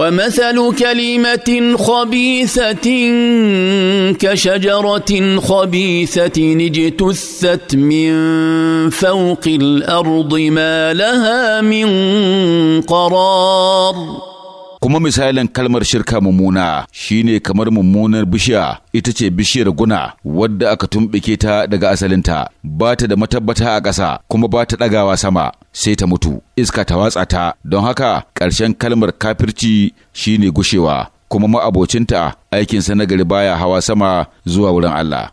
ومثل كلمه خبيثه كشجره خبيثه اجتثت من فوق الارض ما لها من قرار kuma misalin kalmar shirka mummuna shine kamar mummunar bishiya ita ce bishiyar guna wadda aka tumbike ta daga asalinta ba ta da matabbata a ƙasa kuma ba ta ɗagawa sama sai ta mutu iska ta watsa ta don haka ƙarshen kalmar kafirci shine gushewa kuma ma'abocinta aikinsa na gari baya hawa sama zuwa wurin Allah